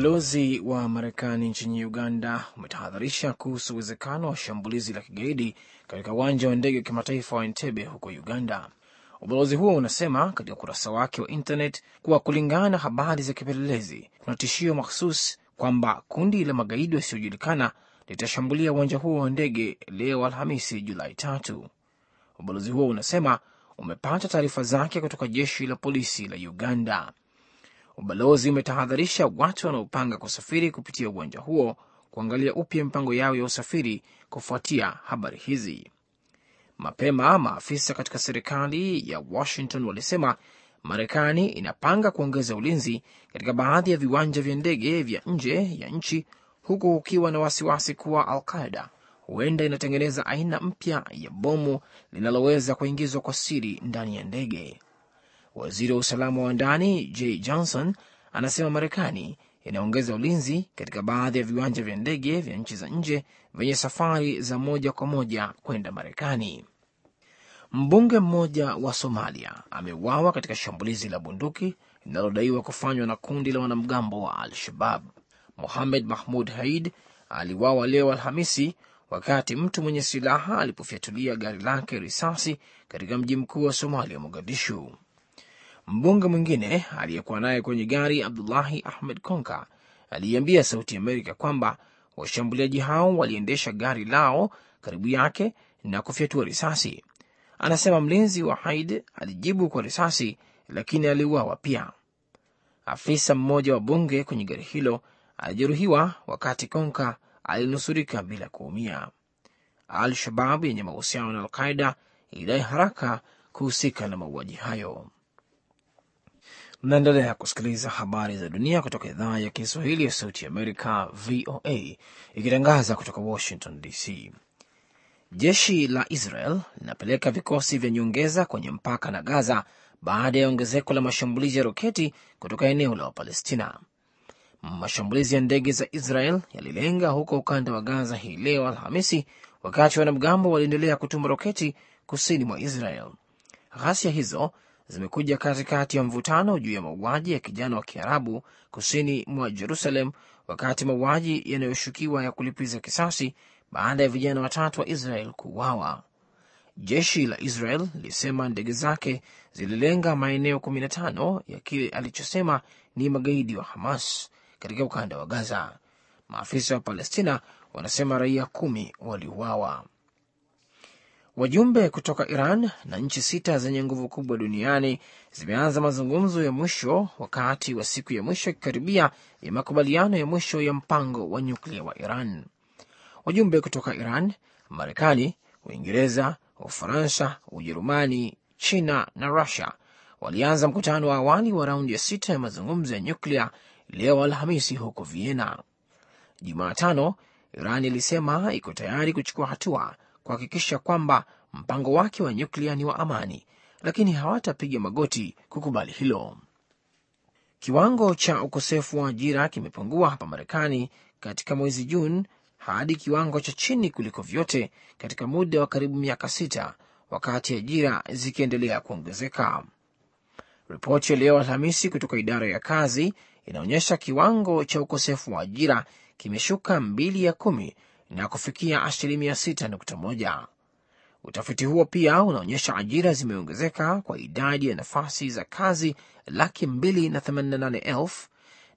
Ubalozi wa Marekani nchini Uganda umetahadharisha kuhusu uwezekano wa shambulizi la kigaidi katika uwanja wa ndege wa kimataifa wa Entebbe huko Uganda. Ubalozi huo unasema katika ukurasa wake wa internet kuwa kulingana na habari za kipelelezi, kuna tishio mahsusi kwamba kundi la magaidi wasiojulikana litashambulia uwanja huo wa ndege leo Alhamisi, Julai tatu. Ubalozi huo unasema umepata taarifa zake kutoka jeshi la polisi la Uganda. Ubalozi umetahadharisha watu wanaopanga kusafiri kupitia uwanja huo kuangalia upya mipango yao ya usafiri kufuatia habari hizi. Mapema maafisa katika serikali ya Washington walisema Marekani inapanga kuongeza ulinzi katika baadhi ya viwanja vya ndege vya nje ya nchi, huku kukiwa na wasiwasi kuwa al Qaida huenda inatengeneza aina mpya ya bomu linaloweza kuingizwa kwa siri ndani ya ndege. Waziri wa usalama wa ndani Jay Johnson anasema Marekani inaongeza ulinzi katika baadhi ya viwanja vya ndege vya nchi za nje vyenye safari za moja kwa moja kwenda Marekani. Mbunge mmoja wa Somalia ameuawa katika shambulizi la bunduki linalodaiwa kufanywa na kundi la wanamgambo wa Al-Shabab. Mohamed Mahmud Haid aliuawa leo Alhamisi wakati mtu mwenye silaha alipofyatulia gari lake risasi katika mji mkuu wa Somalia, Mogadishu. Mbunge mwingine aliyekuwa naye kwenye gari, Abdullahi Ahmed Konka, aliiambia Sauti Amerika kwamba washambuliaji hao waliendesha gari lao karibu yake na kufyatua risasi. Anasema mlinzi wa Haid alijibu kwa risasi, lakini aliuawa pia. Afisa mmoja wa bunge kwenye gari hilo alijeruhiwa, wakati Konka alinusurika bila kuumia. Al-Shabab yenye mahusiano na Alqaida ilidai haraka kuhusika na mauaji hayo. Mnaendelea kusikiliza habari za dunia kutoka idhaa ya Kiswahili ya Sauti Amerika, VOA, ikitangaza kutoka Washington DC. Jeshi la Israel linapeleka vikosi vya nyongeza kwenye mpaka na Gaza baada ya ongezeko la mashambulizi ya roketi kutoka eneo la Wapalestina. Mashambulizi ya ndege za Israel yalilenga huko ukanda wa Gaza hii leo Alhamisi, wakati wanamgambo waliendelea kutuma roketi kusini mwa Israel. Ghasia hizo zimekuja katikati ya mvutano juu ya mauaji ya kijana wa Kiarabu kusini mwa Jerusalem, wakati mauaji yanayoshukiwa ya kulipiza kisasi baada ya vijana watatu wa Israel kuuawa. Jeshi la Israel lilisema ndege zake zililenga maeneo 15 ya kile alichosema ni magaidi wa Hamas katika ukanda wa Gaza. Maafisa wa Palestina wanasema raia kumi waliuawa. Wajumbe kutoka Iran na nchi sita zenye nguvu kubwa duniani zimeanza mazungumzo ya mwisho wakati wa siku ya mwisho ikikaribia ya makubaliano ya mwisho ya mpango wa nyuklia wa Iran. Wajumbe kutoka Iran, Marekani, Uingereza, Ufaransa, Ujerumani, China na Rusia walianza mkutano wa awali wa raundi ya sita ya mazungumzo ya nyuklia leo Alhamisi huko Vienna. Jumatano, Iran ilisema iko tayari kuchukua hatua kuhakikisha kwamba mpango wake wa nyuklia ni wa amani, lakini hawatapiga magoti kukubali hilo. Kiwango cha ukosefu wa ajira kimepungua hapa Marekani katika mwezi Juni hadi kiwango cha chini kuliko vyote katika muda wa karibu miaka sita, wakati ajira zikiendelea kuongezeka. Ripoti ya leo Alhamisi kutoka idara ya kazi inaonyesha kiwango cha ukosefu wa ajira kimeshuka mbili ya kumi na kufikia asilimia 6.1. Utafiti huo pia unaonyesha ajira zimeongezeka kwa idadi ya nafasi za kazi laki mbili na themanini nane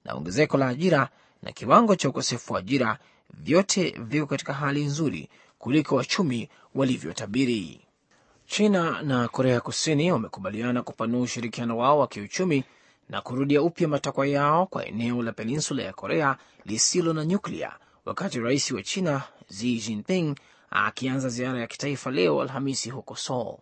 na ongezeko la ajira na kiwango cha ukosefu wa ajira vyote viko katika hali nzuri kuliko wachumi walivyotabiri. China na Korea Kusini wamekubaliana kupanua ushirikiano wao wa kiuchumi na kurudia upya matakwa yao kwa eneo la peninsula ya Korea lisilo na nyuklia wakati rais wa China Xi Jinping akianza ziara ya kitaifa leo Alhamisi huko Seoul.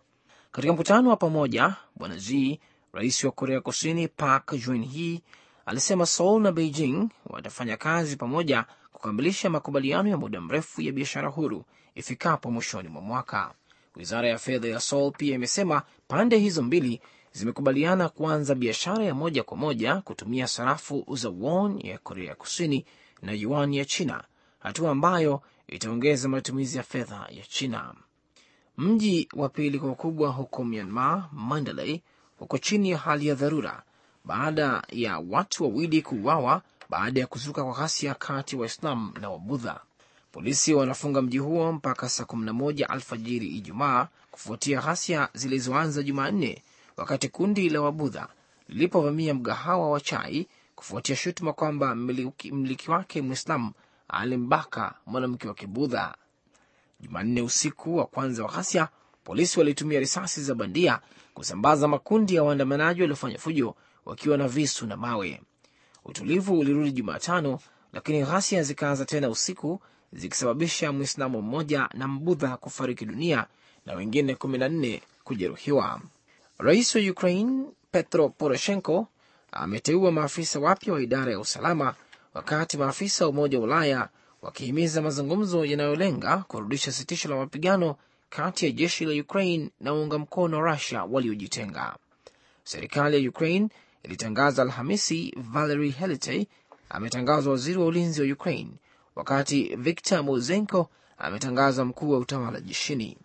Katika mkutano wa pamoja, Bwana Xi, rais wa Korea Kusini Park Geun-hye alisema Seoul na Beijing watafanya kazi pamoja kukamilisha makubaliano ya muda mrefu ya biashara huru ifikapo mwishoni mwa mwaka. Wizara ya fedha ya Seoul pia imesema pande hizo mbili zimekubaliana kuanza biashara ya moja kwa moja kutumia sarafu za won ya Korea Kusini na yuan ya China hatua ambayo itaongeza matumizi ya fedha ya China. Mji wa pili kwa ukubwa huko Myanmar, Mandalay, uko chini ya hali ya dharura baada ya watu wawili kuuawa baada ya kuzuka kwa ghasia kati waislam na Wabudha. Polisi wanafunga mji huo mpaka saa 11 alfajiri Ijumaa kufuatia ghasia zilizoanza Jumanne wakati kundi la Wabudha lilipovamia mgahawa wa chai kufuatia shutuma kwamba mmiliki wake Mwislamu alimbaka mwanamke wa Kibudha. Jumanne usiku wa kwanza wa ghasia, polisi walitumia risasi za bandia kusambaza makundi ya waandamanaji waliofanya fujo wakiwa na visu na mawe. Utulivu ulirudi Jumatano, lakini ghasia zikaanza tena usiku zikisababisha Mwislamu mmoja na Mbudha kufariki dunia na wengine kumi na nne kujeruhiwa. Rais wa Ukraine Petro Poroshenko ameteua maafisa wapya wa idara ya usalama wakati maafisa wa Umoja wa Ulaya wakihimiza mazungumzo yanayolenga kurudisha sitisho la mapigano kati ya jeshi la Ukraine na waunga mkono wa rasia waliojitenga. Serikali ya Ukraine ilitangaza Alhamisi Valery Helite ametangazwa waziri wa ulinzi wa Ukraine, wakati Viktor Mozenko ametangaza mkuu wa utawala jeshini.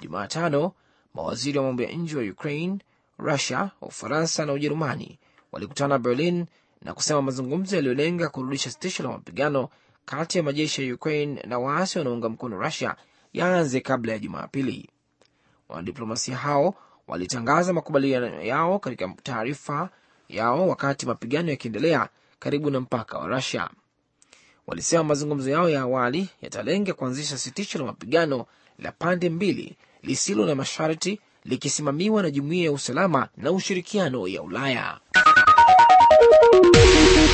Jumatano, mawaziri wa mambo ya nje wa Ukraine, Rusia, Ufaransa na Ujerumani walikutana Berlin na kusema mazungumzo yaliyolenga kurudisha sitisho la mapigano kati ya majeshi ya Ukraine na waasi wanaunga mkono Rusia yaanze kabla ya Jumapili. Wanadiplomasia hao walitangaza makubaliano yao katika taarifa yao wakati mapigano yakiendelea karibu na mpaka wa Rusia. Walisema mazungumzo yao ya awali yatalenga kuanzisha sitisho la mapigano la pande mbili lisilo na masharti likisimamiwa na Jumuiya ya Usalama na Ushirikiano ya Ulaya. Thank you.